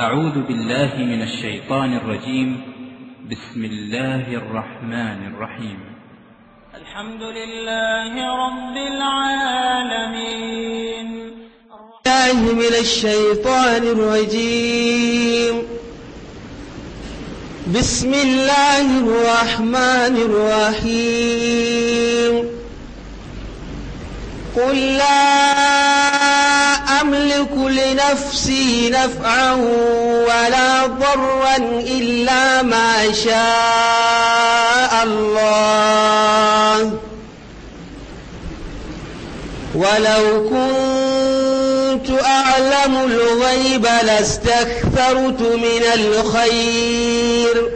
أعوذ بالله من الشيطان الرجيم بسم الله الرحمن الرحيم الحمد لله رب العالمين الله من الشيطان الرجيم بسم الله الرحمن الرحيم قل لا أملك لنفسي نفعا ولا ضرا إلا ما شاء الله ولو كنت أعلم الغيب لاستكثرت من الخير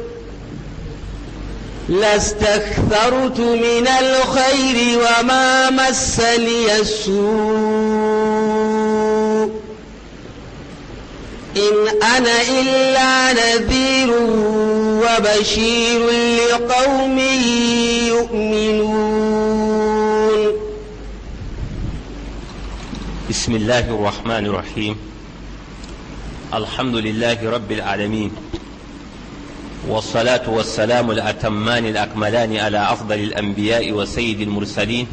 لاستكثرت من الخير وما مسني السور أنا إلا نذير وبشير لقوم يؤمنون بسم الله الرحمن الرحيم الحمد لله رب العالمين والصلاة والسلام الأتمان الأكملان على أفضل الأنبياء وسيد المرسلين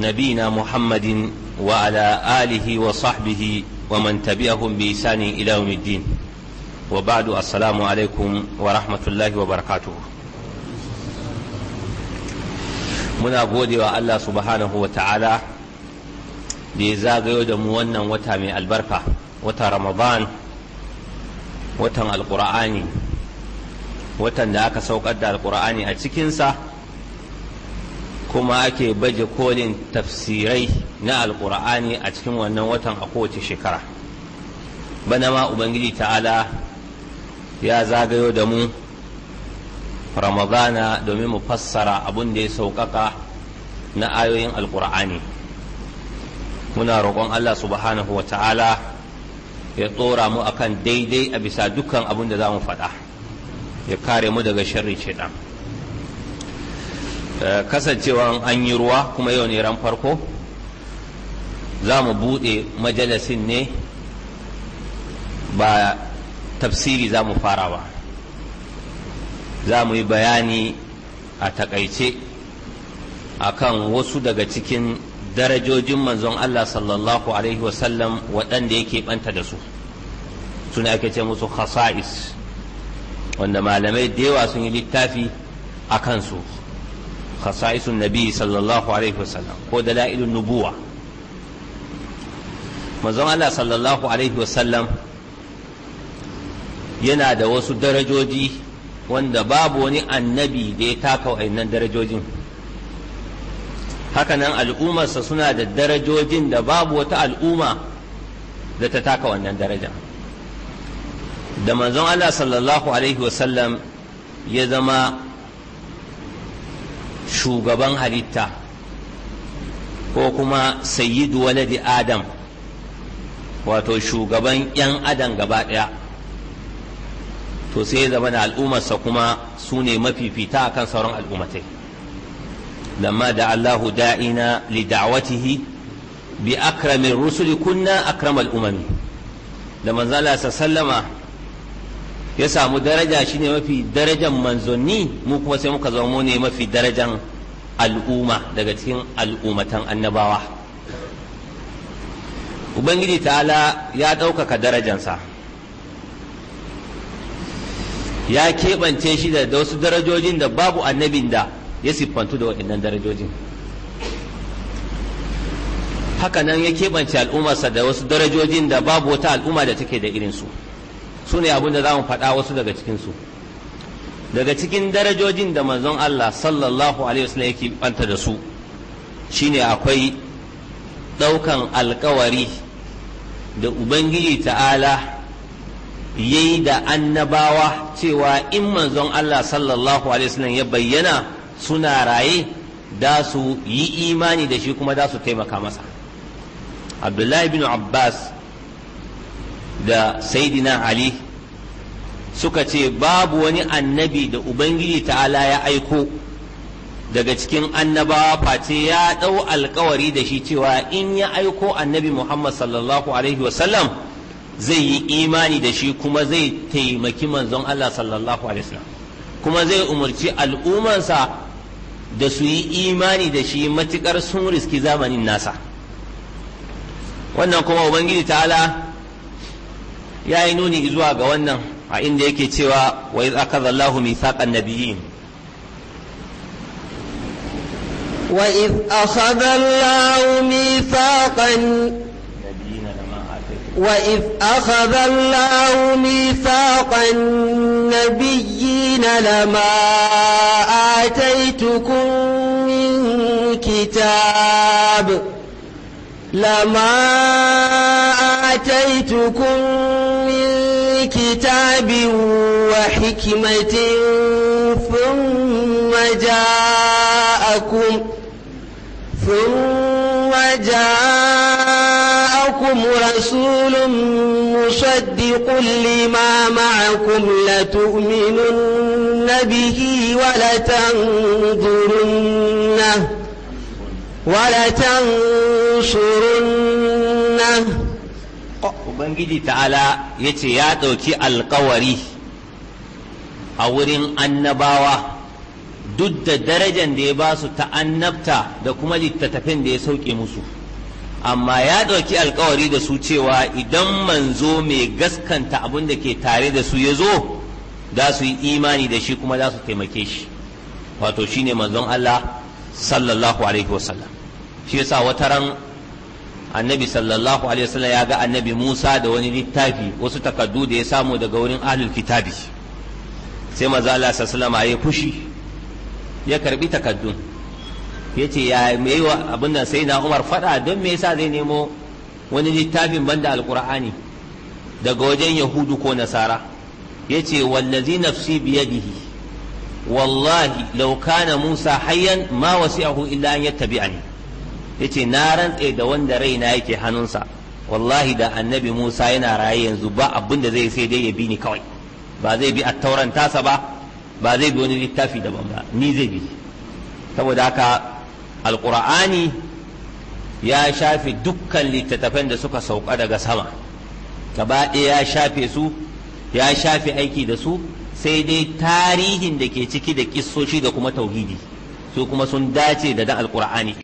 نبينا محمد وعلى آله وصحبه ومن تبعهم بإحسان إلى يوم الدين وبعد السلام عليكم ورحمة الله وبركاته muna gode wa Allah subhanahu wa ta'ala ya zagayo da mu wannan wata mai albarka wata ramadan watan alkur'ani watan da aka saukar da alkur'ani a cikinsa kuma ake baje kolin tafsirai na alkur'ani a cikin wannan watan a kowace shekara bana ma ubangiji ta'ala ya zagayo da mu ramadana domin mu fassara abin da ya sauƙaƙa na ayoyin alkur'ani muna roƙon allah subhanahu wa ta'ala ya tsora mu akan daidai a bisa dukkan abin da za mu faɗa ya kare mu daga sharri shaitan Eh, kasancewa an yi ruwa kuma yau ne ran farko za mu buɗe majalisin ne ba tafsiri za mu fara ba za mu yi bayani a takaice akan wasu daga cikin darajojin manzon Allah sallallahu Alaihi wasallam waɗanda yake ɓanta da su suna ake ce musu khasa'is wanda malamai da yawa sun yi littafi a kansu khasa'isun nabi sallallahu alaihi wasallam ko dalailun nubuwa manzon Allah sallallahu alaihi wasallam yana da wasu darajoji wanda babu wani annabi da ya taka wa'annan darajojin hakanan al'ummarsa suna da darajojin da babu wata al'umma da ta taka wannan daraja da manzon Allah sallallahu alaihi wasallam ya zama shugaban halitta ko kuma sayyidu waladi adam wato shugaban 'yan adam gaba ɗaya to sai zama da al'ummarsa kuma su ne mafifita akan sauran al'ummatai lamma da allahu da'ina li da'watihi bi akramin rusuli kunna akramal umami da manzala sallama ya samu daraja shine mafi darajan manzanni mu kuma sai muka zama ne mafi darajan al'umma daga cikin al'ummatan annabawa ubangiji ta'ala ya ɗaukaka darajansa ya keɓance shi da wasu darajojin da babu annabin da ya siffantu da waɗannan darajojin haka nan ya keɓance al'ummarsa da wasu darajojin da babu wata al'umma da take da irinsu su su ne abin da za mu faɗa wasu daga cikinsu daga cikin darajojin da manzon Allah sallallahu alaihi wasallam yake banta da su shine akwai ɗaukan alkawari da ubangiji ta'ala ya yi da annabawa cewa in manzon Allah sallallahu alaihi wasallam ya bayyana suna raye da su yi imani da shi kuma da su taimaka masa abdullahi bin abbas da saidina ali suka ce babu wani annabi da ubangiji ta'ala ya aiko daga cikin annabawa face ya ɗau alkawari da shi cewa in ya aiko annabi muhammad sallallahu alaihi wasallam zai yi imani da shi kuma zai taimaki manzon allah sallallahu alaihi wasallam kuma zai umarci al'ummansa da su yi imani da shi matukar sun riski zamanin nasa wannan kuma ubangiji ta'ala ya yi nuni zuwa ga wannan a inda yake cewa wa iz akaza Allahu mithaqan nabiyyin wa iz akhadha Allahu mithaqan وإذ أخذ الله ميثاق النبيين لما آتيتكم من كتاب لما آتيتكم كتاب وحكمة ثم جاءكم ثم جاءكم رسول مصدق لما معكم لتؤمنن به ولتنظرنه ولتنصرنه ubangiji ta'ala ya ce ya ɗauki alkawari a wurin annabawa duk da darajar da ya ba su ta annabta da kuma littattafin da ya sauke musu amma ya ɗauki alkawari da su cewa idan manzo mai gaskanta abin da ke tare da su ya zo za su yi imani da shi kuma za su taimake shi wato shine manzon Allah sallallahu alaihi wasallam shi yasa wata ran annabi sallallahu alaihi wasallam ya ga annabi Musa da wani littafi wasu takardu da ya samu daga wurin ahlul kitabi sai maza Allah sallallahu alaihi ya fushi ya karbi ya yace ya mai wa abin sai na Umar fada don me yasa zai nemo wani littafin banda alkur'ani daga wajen yahudu ko nasara yace wallazi nafsi biyadihi wallahi law kana Musa hayyan ma wasi'ahu illa an yattabi'ani yace na rantse da wanda raina yake hannunsa wallahi da annabi Musa yana raye yanzu ba abin da zai sai dai ya bi ni kawai ba zai bi attauran tasa ba ba zai bi wani littafi daban ba ni zai bi saboda haka alqur'ani ya shafe dukkan littattafan da suka sauka daga sama gaba ya shafe su ya shafe aiki da su sai dai tarihin da ke ciki da kissoshi da kuma tauhidi su kuma sun dace da da alqur'ani